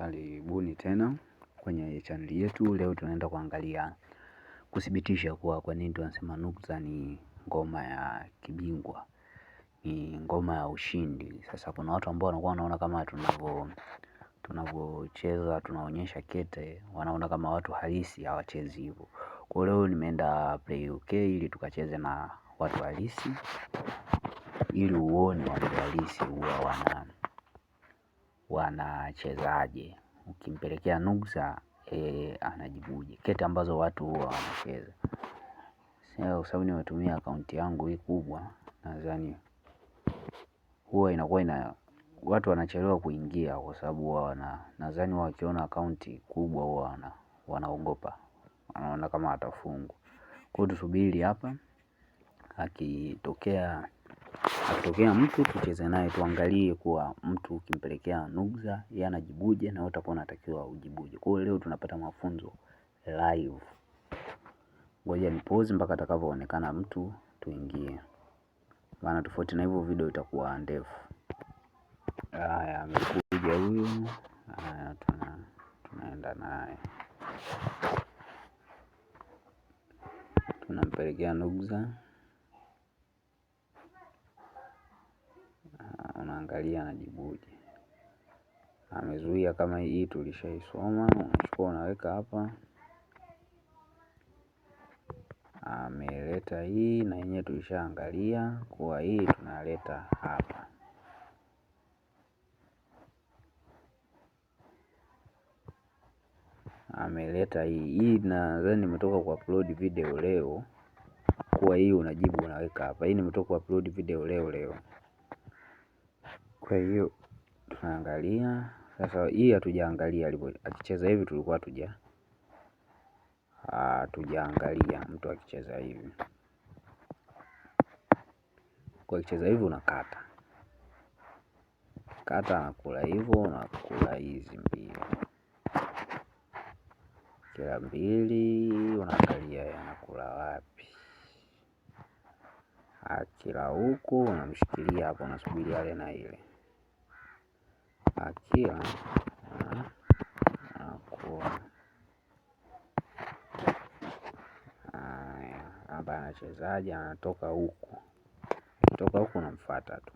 Karibuni tena kwenye chaneli yetu. Leo tunaenda kuangalia kuthibitisha kuwa kwa nini tunasema Nukta ni ngoma ya kibingwa, ni ngoma ya ushindi. Sasa kuna watu ambao wanakuwa wanaona kama tunavyo tunavyocheza tunaonyesha kete, wanaona kama watu halisi hawachezi hivyo. Kwa leo nimeenda Play UK ili tukacheze na watu halisi, ili uone watu halisi huwa wana wanachezaje. Ukimpelekea nugza eh, anajibuje. Kete ambazo watu huwa wanacheza. Kwa sababu nimetumia akaunti yangu hii kubwa nadhani huwa inakuwa ina watu wanachelewa kuingia kwa sababu huwa wana nadhani wakiona akaunti kubwa huwa wanaogopa wanaona kama watafungwa. Kwa hiyo tusubiri hapa akitokea akitokea mtu tucheze naye, tuangalie kuwa mtu ukimpelekea nugza yeye anajibuje, na wewe utakuwa unatakiwa ujibuje. Kwa hiyo leo tunapata mafunzo live. Ngoja ni pause mpaka atakavyoonekana mtu, tuingie, maana tofauti na hivyo video itakuwa ndefu. Haya, amekuja huyu. Haya, tuna tunaenda naye, tunampelekea nugza unaangalia anajibuje. Amezuia kama hii tulishaisoma, unachukua unaweka hapa. Ameleta hii na yenyewe tulishaangalia, kuwa hii tunaleta hapa. Ameleta hii hii, nadhani nimetoka ku upload video leo, kuwa hii unajibu unaweka hapa. Hii nimetoka ku upload video leo leo. Kwa hiyo tunaangalia sasa, hii hatujaangalia akicheza hivi, tulikuwa tuja ah, hatujaangalia mtu akicheza hivi. Kwa akicheza hivi unakata kata, anakula hivyo, unakula hizi mbili, kila mbili unaangalia anakula wapi, akila ah, huku unamshikilia hapo, unasubiri ale na ile akiwa anakuwa hapa anachezaji Anatoka huku, akitoka huku namfata tu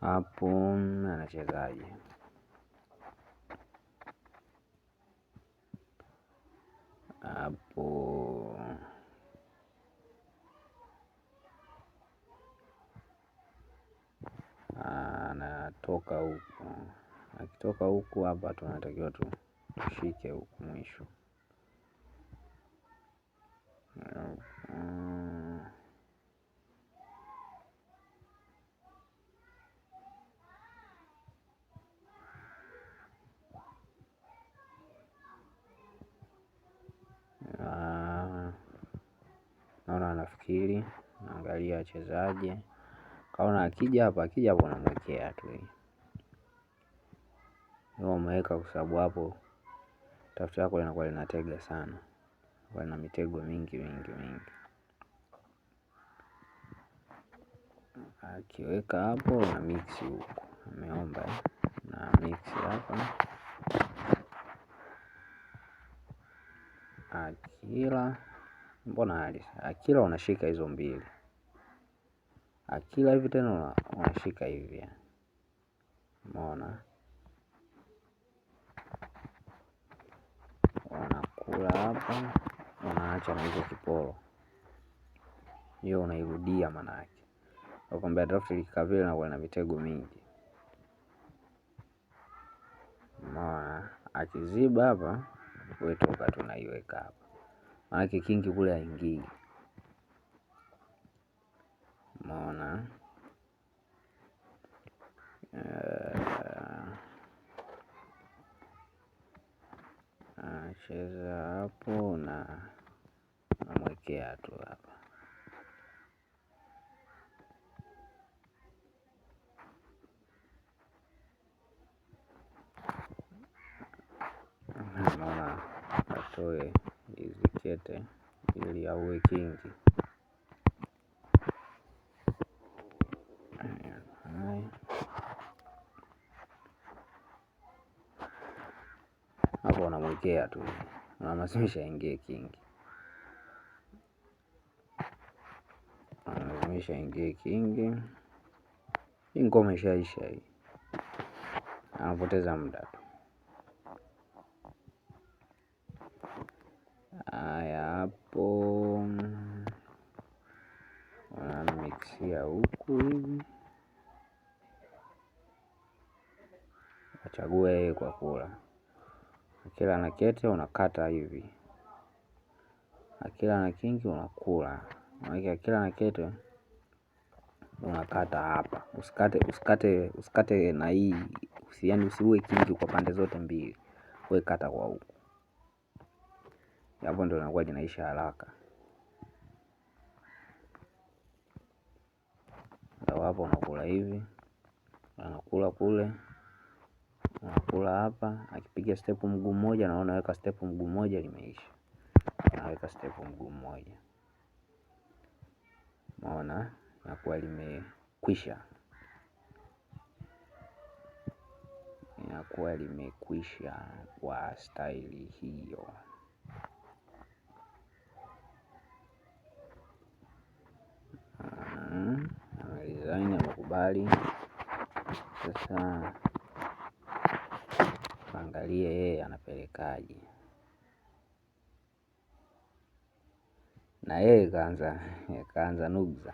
hapo, anachezaji hapo akitoka huku eh, akitoka huku hapa, tunatakiwa tu tushike huku mwisho eh, naona anafikiri, naangalia achezaje, kaona akija hapa, akija hapo namwekea tu hii huwa umeweka kwa sababu hapo tafuta yako linakuwa linatega sana kwa lina mitego mingi mingi mingi akiweka hapo na mix huko ameomba na mix hapa akila mbona hali akila unashika hizo mbili akila hivi tena unashika hivi umeona unakula hapa, unaacha na hizo kiporo, hiyo unairudia manake. Nakwambia draft likikaa na nakuwa mitego mingi. Maana akiziba hapa wetoka, tunaiweka hapa, manake kingi kule haingii. Maona uh, eh, Anacheza hapo na namwekea tu hapa. Naona atoe hizi kete ili auwe kingi. kutokea tu, unalazimisha aingie kingi, unalazimisha aingie kingi. Hii ngoma ishaisha hii, anapoteza muda tu. Haya, hapo unamiksia huku hivi, achague yeye kwa kula Akila na kete unakata hivi, akila na kingi unakula. Maana akila na kete unakata hapa, usikate usikate usikate na hii usi, yani usiue kingi kwa pande zote mbili, we kata kwa huku, hapo ndio inakuwa inaisha haraka. Hapo unakula hivi, anakula kule unakula hapa, akipiga stepu mguu mmoja, naona unaweka stepu mguu mmoja, limeisha. anaweka stepu mguu mmoja, maona inakuwa limekwisha, inakuwa limekwisha kwa staili hiyo. Amaliza, amekubali sasa tuangalie yeye anapelekaje, na yeye kaanza kaanza nugza,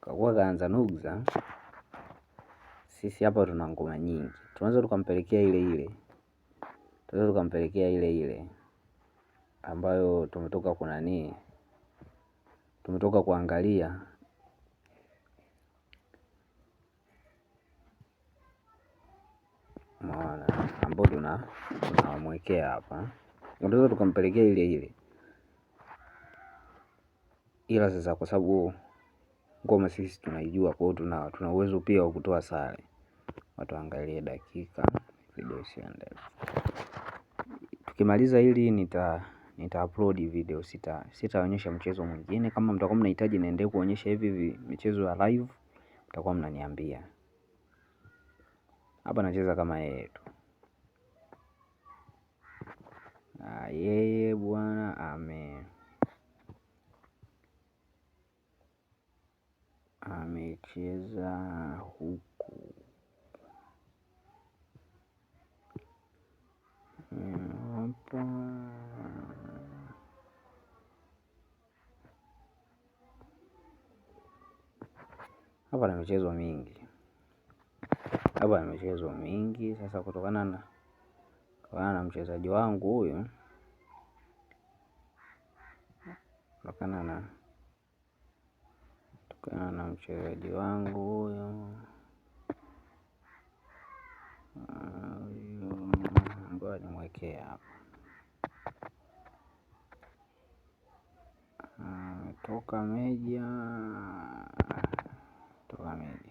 kakuwa kaanza nugza. Sisi hapa tuna ngoma nyingi, tunaweza tukampelekea ile ile, tunaweza tukampelekea ile ile ambayo tumetoka kunanii, tumetoka kuangalia maana tuna tunamwekea hapa, unaweza tukampelekea ile ile, ila sasa kwa sababu ngoma sisi tunaijua, kwa hiyo tuna tuna uwezo pia wa kutoa sare. Watuangalie dakika video sio Tukimaliza hili nita nita upload video, sita sitaonyesha mchezo mwingine. Kama mtakuwa mnahitaji niendelee kuonyesha hivi michezo ya live, mtakuwa mnaniambia. Hapa nacheza kama yeye tu na yeye Bwana amen amecheza huku hapa hapa na michezo mingi hapa na michezo mingi. Sasa kutokana na kutokana na mchezaji wangu huyu, kutokana na kutokana na mchezaji wangu huyu ambayo nimwekee hapa toka meja toka meja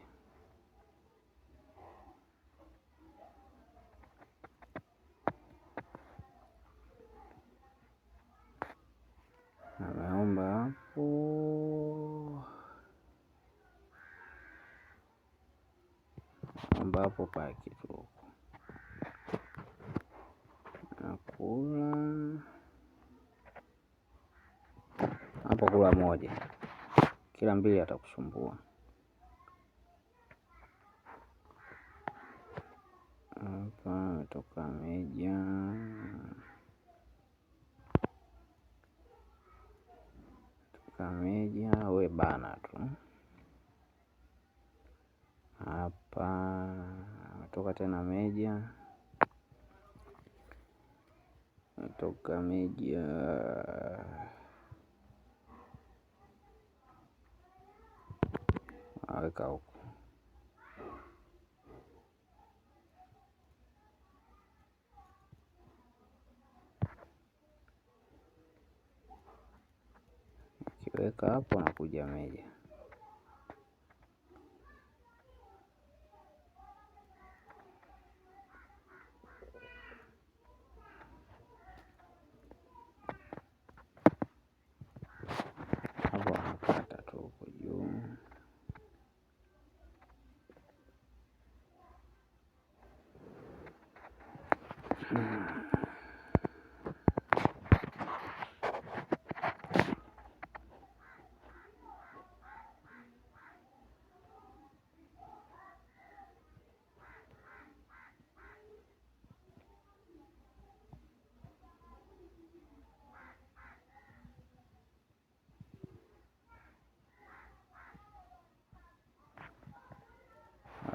Ameomba hapo, ameomba hapo pa kitu nakula hapo, kula moja, kila mbili atakusumbua. Hapa ametoka meja Meja we bana tu hapa, natoka tena meja, natoka meja aweka huko. weka hapo na kuja meja.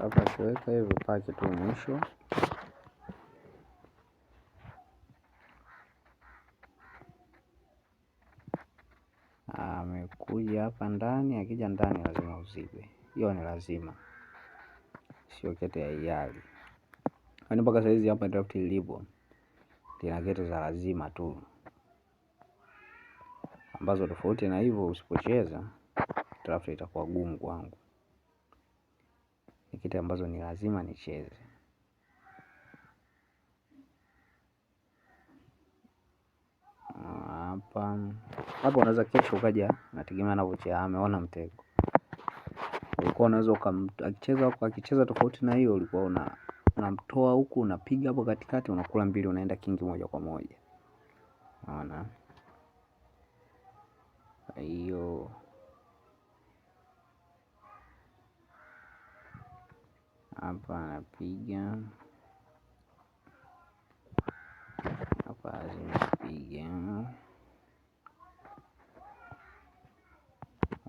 hapa akiweka hivyo paki tu mwisho amekuja hapa ndani, akija ndani lazima uzibe. Hiyo ni lazima, sio kete ya hiari. Kwani mpaka saizi hapa draft ilipo lina kete za lazima tu, ambazo tofauti na hivyo usipocheza draft itakuwa gumu kwangu ni kitu ambazo ni lazima nicheze. Hapa hapa unaweza kesho ukaja, nategemea anavyocheza, ameona mtego, ulikuwa unaweza ukamcheza huko, akicheza tofauti na hiyo ulikuwa una unamtoa huku, unapiga hapo katikati, unakula mbili, unaenda kingi moja kwa moja, unaona hiyo. Hapa anapiga. Hapa zinapiga.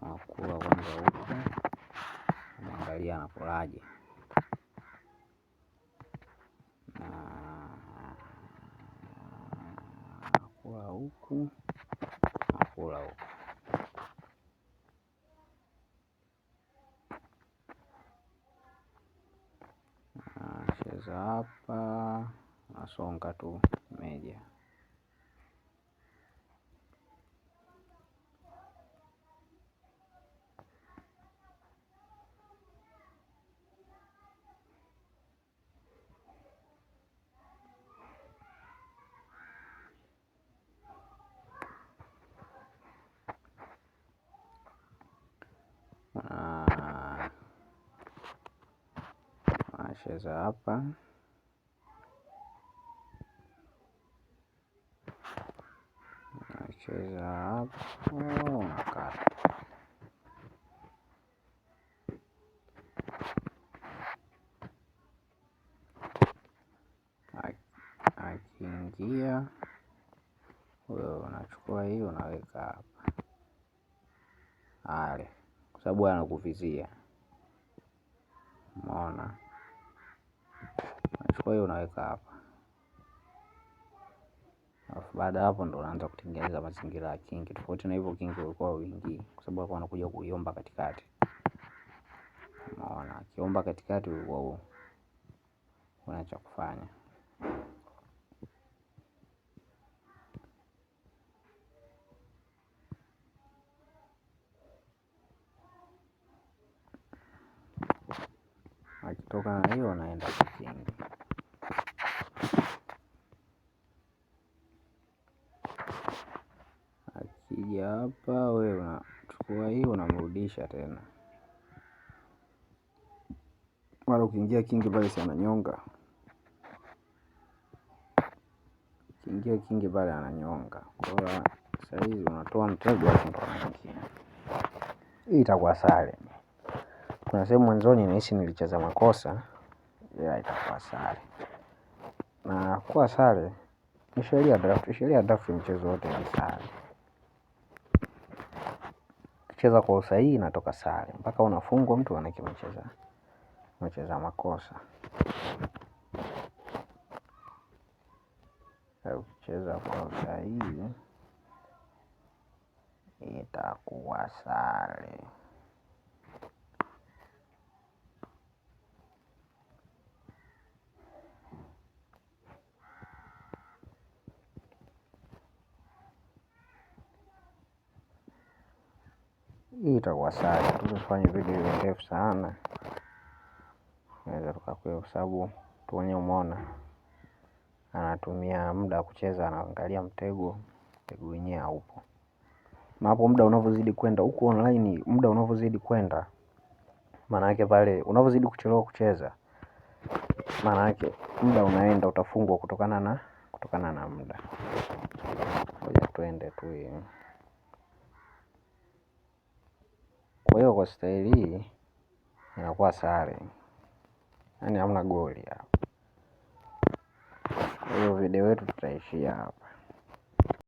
Wakua kwanza huku. Mwangalia anakulaje. Nakula huku. Nakula huku. hapa, nasonga tu meja ah, nacheza hapa Cheza hapo nakata. Akiingia wewe unachukua hiyo unaweka hapa ale, kwa sababu anakuvizia. Umeona, unachukua hiyo unaweka hapa. Alafu baada ya hapo ndo unaanza kutengeneza mazingira ya kingi. Tofauti na hivyo kingi ulikuwa wingi kwa sababu alikuwa anakuja kuiomba katikati. Unaona, akiomba katikati ulikuwa una cha kufanya. Akitoka na hiyo unaenda kwa kingi. akija hapa, wewe unachukua hii unamrudisha tena. Mara ukiingia kingi pale, si ananyonga? Ukiingia kingi pale ananyonga. Kwa hiyo hizi unatoa mtego wa ndo anaingia. Hii itakuwa sare. Kuna sehemu mwanzoni nahisi nilicheza makosa, ila itakuwa sare na kuwa sare ni sheria draft. Sheria draft mchezo wote ni sare cheza kwa usahihi inatoka sare. Mpaka unafungwa mtu anaki mcheza mcheza makosa. Ukicheza kwa usahihi itakuwa sare. Hii itakuwa sawa, tutafanya video iwe ndefu sana, naweza tukakuya, kwa sababu tuonye, umeona anatumia muda kucheza, anaangalia mtego, mtego wenyewe haupo. Na hapo muda unavyozidi kwenda huko online, muda unavyozidi kwenda, maana yake pale unavyozidi kuchelewa kucheza, maana yake muda unaenda, utafungwa kutokana na kutokana na muda. Ngoja tuende tu. Kwa hiyo kwa staili hii inakuwa sare, yaani hamna goli hapo. Kwa hiyo video yetu tutaishia hapa.